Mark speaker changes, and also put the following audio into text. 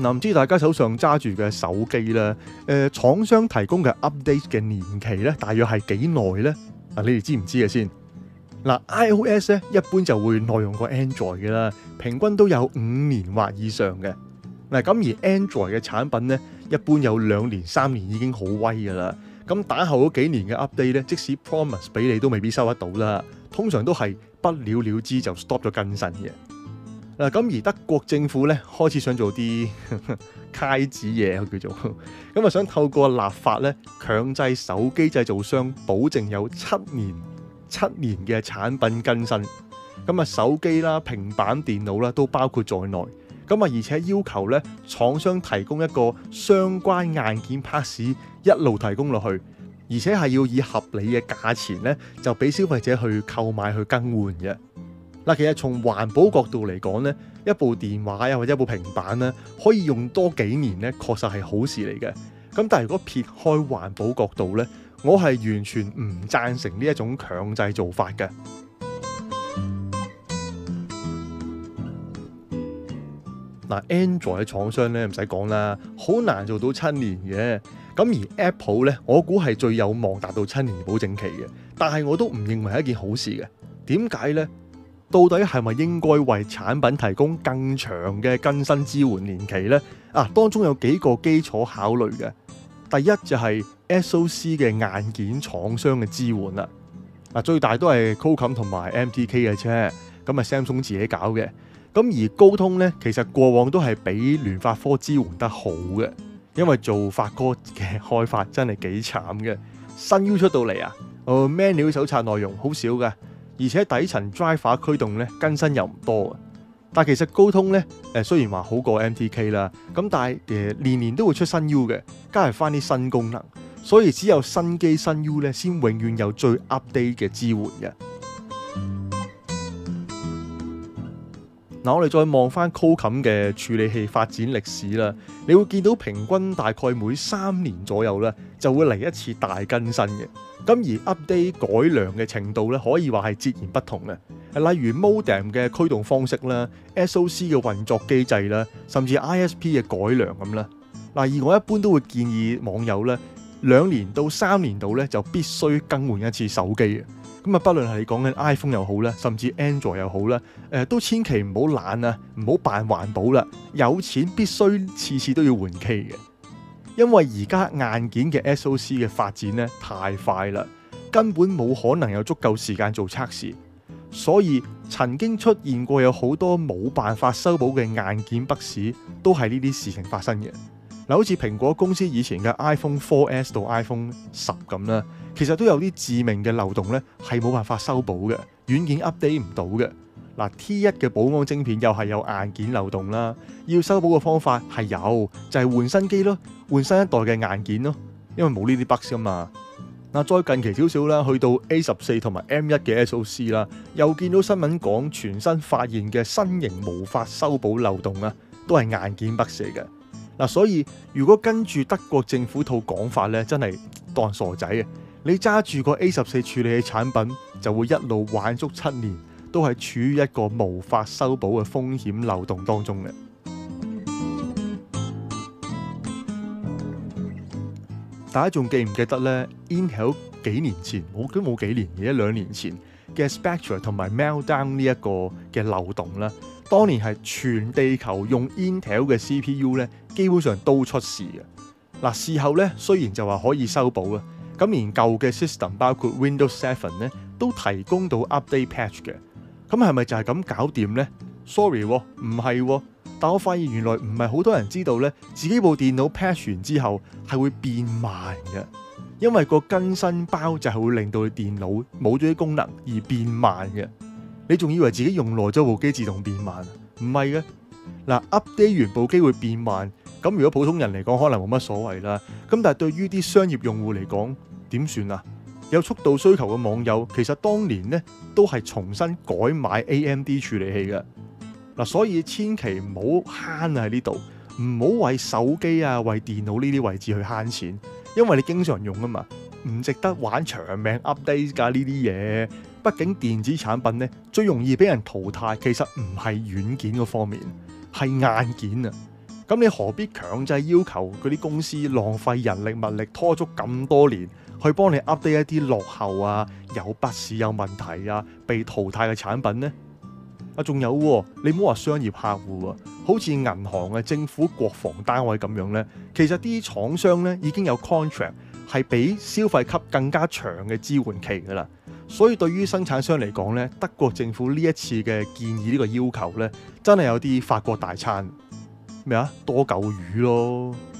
Speaker 1: 嗱，唔知大家手上揸住嘅手機啦，呃，廠商提供嘅 update 嘅年期咧，大約係幾耐咧？你哋知唔知嘅先？嗱，iOS 咧一般就會耐用過 Android 嘅啦，平均都有五年或以上嘅。嗱，咁而 Android 嘅產品咧，一般有兩年、三年已經好威噶啦。咁打後嗰幾年嘅 update 咧，即使 promise 俾你都未必收得到啦。通常都係不了了之就 stop 咗更新嘅。嗱，咁而德國政府咧，開始想做啲啓子嘢，呵呵我叫做咁啊，想透過立法咧，強制手機製造商保證有七年七年嘅產品更新，咁啊手機啦、平板電腦啦都包括在內，咁啊而且要求咧，廠商提供一個相關硬件 parts 一路提供落去，而且係要以合理嘅價錢咧就俾消費者去購買去更換嘅。嗱，其實從環保角度嚟講咧，一部電話啊或者一部平板咧可以用多幾年咧，確實係好事嚟嘅。咁但係如果撇開環保角度咧，我係完全唔贊成呢一種強制做法嘅。嗱，Android 嘅廠商咧唔使講啦，好難做到七年嘅。咁而 Apple 咧，我估係最有望達到七年保證期嘅，但係我都唔認為係一件好事嘅。點解呢？到底係咪應該為產品提供更長嘅更新支援年期呢？啊，當中有幾個基礎考慮嘅。第一就係 SOC 嘅硬件廠商嘅支援啦。嗱、啊，最大都係 Qualcomm 同埋 MTK 嘅啫。咁啊，Samsung 自己搞嘅。咁而高通呢，其實過往都係比聯發科支援得好嘅，因為做發哥嘅開發真係幾慘嘅。新 U 出到嚟啊，哦 manual 手冊內容好少嘅。而且底層 driver 驅動咧更新又唔多，但其實高通咧雖然話好過 MTK 啦，咁但係年年都會出新 U 嘅，加埋翻啲新功能，所以只有新機新 U 咧先永遠有最 update 嘅支援嘅。嗱，我哋再望翻 Qualcomm 嘅處理器發展歷史啦，你會見到平均大概每三年左右咧，就會嚟一次大更新嘅。咁而 update 改良嘅程度咧，可以話係截然不同嘅。例如 Modem 嘅驅動方式啦，SOC 嘅運作機制啦，甚至 ISP 嘅改良咁啦。嗱，而我一般都會建議網友咧，兩年到三年度咧就必須更換一次手機嘅。咁啊，不論係你講緊 iPhone 又好啦，甚至 Android 又好啦，誒，都千祈唔好懶啊，唔好扮環保啦。有錢必須次次都要換機嘅，因為而家硬件嘅 SOC 嘅發展咧太快啦，根本冇可能有足夠時間做測試，所以曾經出現過有好多冇辦法修補嘅硬件 bugs，都係呢啲事情發生嘅。嗱，好似蘋果公司以前嘅 iPhone 4S 到 iPhone 十咁啦，其實都有啲致命嘅漏洞咧，係冇辦法修補嘅，軟件 update 唔到嘅。嗱，T 一嘅保安晶片又係有硬件漏洞啦，要修補嘅方法係有，就係換新機咯，換新一代嘅硬件咯，因為冇呢啲 bug 啊嘛。嗱，再近期少少啦，去到 A 十四同埋 M 一嘅 SoC 啦，又見到新聞講全新發現嘅新型無法修補漏洞啊，都係硬件不捨嘅。嗱，所以如果跟住德國政府套講法咧，真係當是傻仔啊！你揸住個 A 十四處理器產品，就會一路玩足七年，都係處於一個無法修補嘅風險漏洞當中嘅。大家仲記唔記得呢？Intel 幾年前，我都冇幾年嘅，一兩年前嘅 Spectre 同埋 Meltdown 呢一個嘅漏洞呢。當年係全地球用 Intel 嘅 CPU 咧，基本上都出事嘅。嗱，事後咧雖然就話可以修補啊，咁連舊嘅 system 包括 Windows Seven 咧都提供到 update patch 嘅。咁係咪就係咁搞掂呢？Sorry，唔係。但我發現原來唔係好多人知道咧，自己部電腦 patch 完之後係會變慢嘅，因為個更新包就係會令到你電腦冇咗啲功能而變慢嘅。你仲以為自己用耐咗部機自動變慢？唔係嘅，update 完部機會變慢。咁如果普通人嚟講，可能冇乜所謂啦。咁但係對於啲商業用戶嚟講，點算啊？有速度需求嘅網友，其實當年呢都係重新改買 AMD 處理器嘅。嗱，所以千祈唔好慳喺呢度，唔好為手機啊、為電腦呢啲位置去慳錢，因為你經常用啊嘛，唔值得玩長命 update 噶呢啲嘢。畢竟電子產品呢最容易俾人淘汰，其實唔係軟件嗰方面，係硬件啊。咁你何必強制要求嗰啲公司浪費人力物力拖足咁多年去幫你 update 一啲落後啊、有不時有問題啊、被淘汰嘅產品呢？啊，仲有、啊、你唔好話商業客戶啊，好似銀行啊、政府、國防單位咁樣呢。其實啲廠商呢，已經有 contract 係比消費級更加長嘅支援期㗎喇。所以對於生產商嚟講咧，德國政府呢一次嘅建議呢個要求咧，真係有啲法國大餐咩啊？多嚿魚咯～